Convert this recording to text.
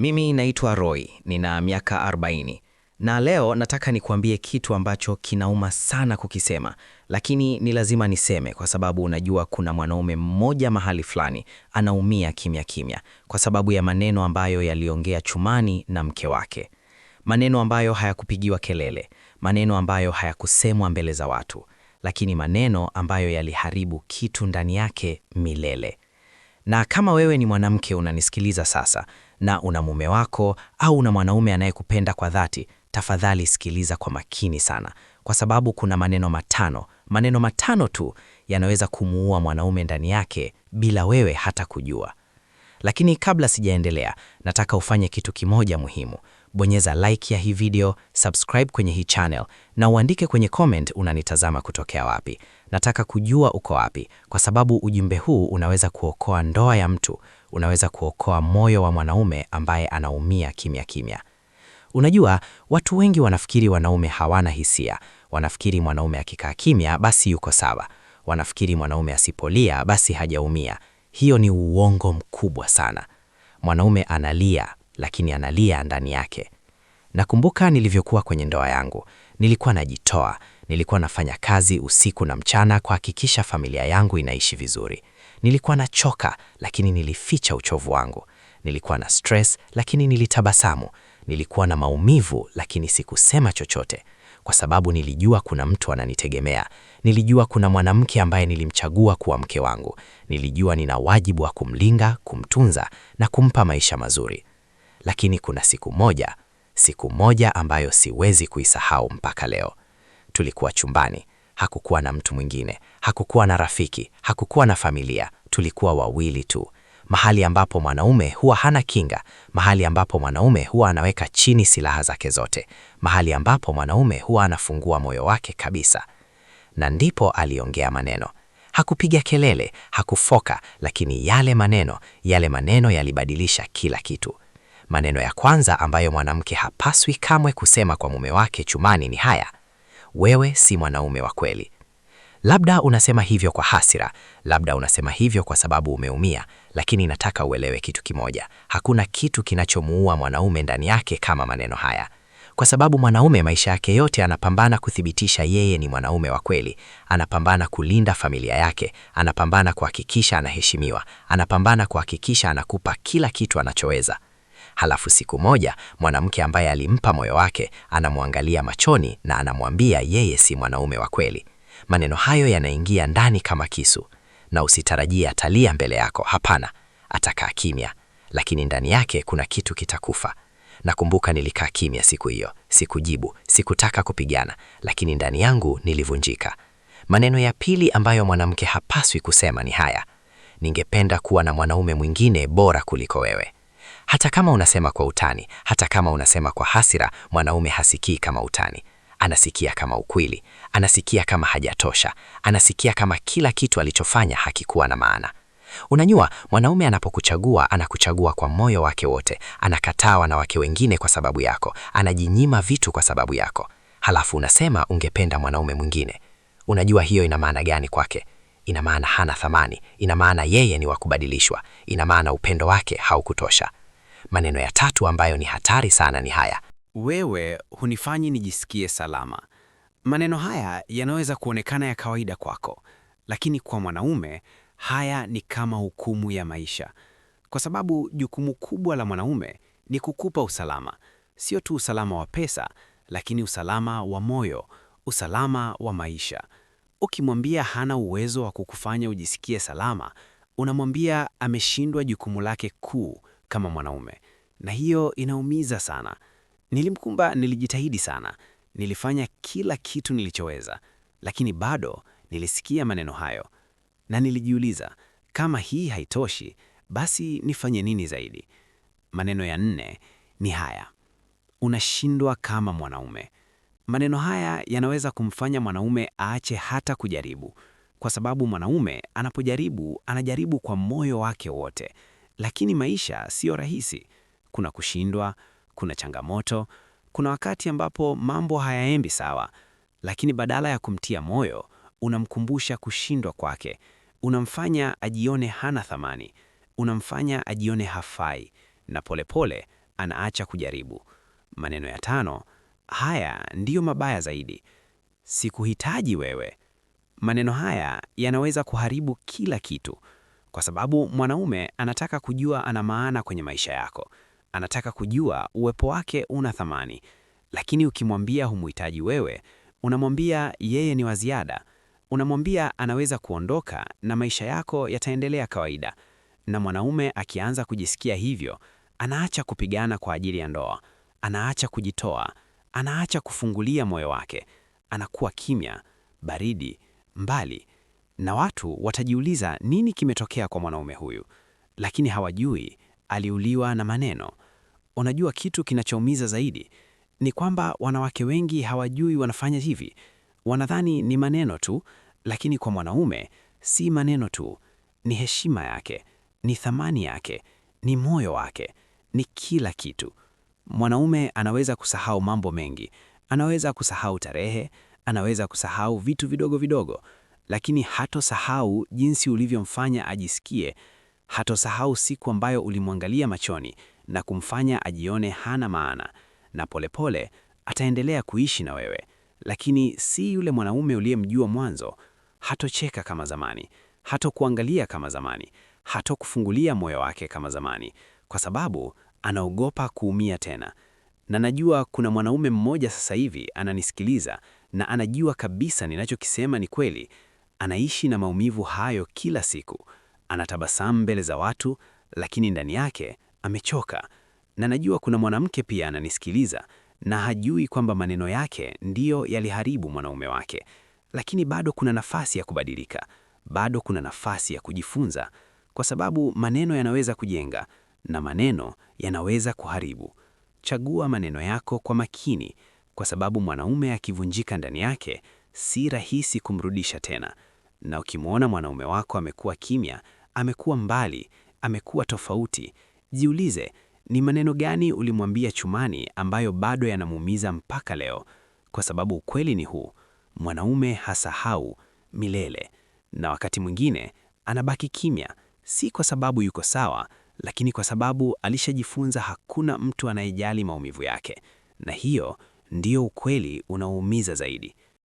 Mimi naitwa Roy, nina miaka 40 na leo nataka nikuambie kitu ambacho kinauma sana kukisema, lakini ni lazima niseme, kwa sababu unajua kuna mwanaume mmoja mahali fulani anaumia kimya kimya kwa sababu ya maneno ambayo yaliongea Chumani na mke wake, maneno ambayo hayakupigiwa kelele, maneno ambayo hayakusemwa mbele za watu, lakini maneno ambayo yaliharibu kitu ndani yake milele. Na kama wewe ni mwanamke unanisikiliza sasa na una mume wako au una mwanaume anayekupenda kwa dhati, tafadhali sikiliza kwa makini sana, kwa sababu kuna maneno matano, maneno matano tu yanaweza kumuua mwanaume ndani yake bila wewe hata kujua. Lakini kabla sijaendelea, nataka ufanye kitu kimoja muhimu bonyeza like ya hii video, subscribe kwenye hii channel na uandike kwenye comment unanitazama kutokea wapi. Nataka kujua uko wapi, kwa sababu ujumbe huu unaweza kuokoa ndoa ya mtu, unaweza kuokoa moyo wa mwanaume ambaye anaumia kimya kimya. Unajua, watu wengi wanafikiri wanaume hawana hisia. Wanafikiri mwanaume akikaa kimya basi yuko sawa. Wanafikiri mwanaume asipolia basi hajaumia. Hiyo ni uongo mkubwa sana. Mwanaume analia, lakini analia ndani yake. Nakumbuka nilivyokuwa kwenye ndoa yangu, nilikuwa najitoa, nilikuwa nafanya kazi usiku na mchana kuhakikisha familia yangu inaishi vizuri. Nilikuwa nachoka, lakini nilificha uchovu wangu. Nilikuwa na stress, lakini nilitabasamu. Nilikuwa na maumivu, lakini sikusema chochote kwa sababu nilijua kuna mtu ananitegemea. Nilijua kuna mwanamke ambaye nilimchagua kuwa mke wangu. Nilijua nina wajibu wa kumlinda, kumtunza na kumpa maisha mazuri lakini kuna siku moja, siku moja ambayo siwezi kuisahau mpaka leo. Tulikuwa chumbani, hakukuwa na mtu mwingine, hakukuwa na rafiki, hakukuwa na familia, tulikuwa wawili tu, mahali ambapo mwanaume huwa hana kinga, mahali ambapo mwanaume huwa anaweka chini silaha zake zote, mahali ambapo mwanaume huwa anafungua moyo wake kabisa. Na ndipo aliongea maneno. Hakupiga kelele, hakufoka, lakini yale maneno, yale maneno yalibadilisha kila kitu. Maneno ya kwanza ambayo mwanamke hapaswi kamwe kusema kwa mume wake chumani ni haya: wewe si mwanaume wa kweli. Labda unasema hivyo kwa hasira, labda unasema hivyo kwa sababu umeumia, lakini nataka uelewe kitu kimoja: hakuna kitu kinachomuua mwanaume ndani yake kama maneno haya, kwa sababu mwanaume maisha yake yote anapambana kuthibitisha yeye ni mwanaume wa kweli. Anapambana kulinda familia yake, anapambana kuhakikisha anaheshimiwa, anapambana kuhakikisha anakupa kila kitu anachoweza. Halafu siku moja mwanamke ambaye alimpa moyo wake anamwangalia machoni na anamwambia yeye si mwanaume wa kweli. Maneno hayo yanaingia ndani kama kisu, na usitarajie atalia mbele yako. Hapana, atakaa kimya, lakini ndani yake kuna kitu kitakufa. Nakumbuka nilikaa kimya siku hiyo, sikujibu, sikutaka kupigana, lakini ndani yangu nilivunjika. Maneno ya pili ambayo mwanamke hapaswi kusema ni haya: ningependa kuwa na mwanaume mwingine bora kuliko wewe. Hata kama unasema kwa utani, hata kama unasema kwa hasira, mwanaume hasikii kama utani. Anasikia kama ukweli, anasikia kama hajatosha, anasikia kama kila kitu alichofanya hakikuwa na maana. unanyua mwanaume anapokuchagua anakuchagua kwa moyo wake wote, anakataa wanawake wengine kwa sababu yako, anajinyima vitu kwa sababu yako, halafu unasema ungependa mwanaume mwingine. Unajua hiyo ina maana gani kwake? Ina maana hana thamani, ina maana yeye ni wa kubadilishwa, ina maana upendo wake haukutosha. Maneno ya tatu ambayo ni hatari sana ni haya: wewe hunifanyi nijisikie salama. Maneno haya yanaweza kuonekana ya kawaida kwako, lakini kwa mwanaume haya ni kama hukumu ya maisha, kwa sababu jukumu kubwa la mwanaume ni kukupa usalama, sio tu usalama wa pesa, lakini usalama wa moyo, usalama wa maisha. Ukimwambia hana uwezo wa kukufanya ujisikie salama, unamwambia ameshindwa jukumu lake kuu kama mwanaume, na hiyo inaumiza sana. Nilimkumba, nilijitahidi sana, nilifanya kila kitu nilichoweza, lakini bado nilisikia maneno hayo, na nilijiuliza kama hii haitoshi, basi nifanye nini zaidi? Maneno ya nne ni haya: unashindwa kama mwanaume. Maneno haya yanaweza kumfanya mwanaume aache hata kujaribu, kwa sababu mwanaume anapojaribu, anajaribu kwa moyo wake wote. Lakini maisha siyo rahisi. Kuna kushindwa, kuna changamoto, kuna wakati ambapo mambo hayaendi sawa. Lakini badala ya kumtia moyo, unamkumbusha kushindwa kwake, unamfanya ajione hana thamani, unamfanya ajione hafai, na polepole pole, anaacha kujaribu. Maneno ya tano, haya ndiyo mabaya zaidi: sikuhitaji wewe. Maneno haya yanaweza kuharibu kila kitu kwa sababu mwanaume anataka kujua ana maana kwenye maisha yako, anataka kujua uwepo wake una thamani. Lakini ukimwambia humuhitaji wewe, unamwambia yeye ni wa ziada, unamwambia anaweza kuondoka na maisha yako yataendelea kawaida. Na mwanaume akianza kujisikia hivyo, anaacha kupigana kwa ajili ya ndoa, anaacha kujitoa, anaacha kufungulia moyo wake, anakuwa kimya, baridi, mbali na watu watajiuliza nini kimetokea kwa mwanaume huyu, lakini hawajui aliuliwa na maneno. Unajua, kitu kinachoumiza zaidi ni kwamba wanawake wengi hawajui wanafanya hivi. Wanadhani ni maneno tu, lakini kwa mwanaume si maneno tu, ni heshima yake, ni thamani yake, ni moyo wake, ni kila kitu. Mwanaume anaweza kusahau mambo mengi, anaweza kusahau tarehe, anaweza kusahau vitu vidogo vidogo lakini hatosahau jinsi ulivyomfanya ajisikie. Hatosahau siku ambayo ulimwangalia machoni na kumfanya ajione hana maana, na polepole pole, ataendelea kuishi na wewe, lakini si yule mwanaume uliyemjua mwanzo. Hatocheka kama zamani, hatokuangalia kama zamani, hatokufungulia moyo wake kama zamani, kwa sababu anaogopa kuumia tena. Na najua kuna mwanaume mmoja sasa hivi ananisikiliza na anajua kabisa ninachokisema ni kweli. Anaishi na maumivu hayo kila siku. Anatabasamu mbele za watu, lakini ndani yake amechoka. Na najua kuna mwanamke pia ananisikiliza na hajui kwamba maneno yake ndiyo yaliharibu mwanaume wake, lakini bado kuna nafasi ya kubadilika, bado kuna nafasi ya kujifunza, kwa sababu maneno yanaweza kujenga na maneno yanaweza kuharibu. Chagua maneno yako kwa makini, kwa sababu mwanaume akivunjika ndani yake, si rahisi kumrudisha tena. Na ukimwona mwanaume wako amekuwa kimya, amekuwa mbali, amekuwa tofauti, jiulize ni maneno gani ulimwambia chumani ambayo bado yanamuumiza mpaka leo, kwa sababu ukweli ni huu: mwanaume hasahau milele, na wakati mwingine anabaki kimya, si kwa sababu yuko sawa, lakini kwa sababu alishajifunza hakuna mtu anayejali maumivu yake, na hiyo ndiyo ukweli unaoumiza zaidi.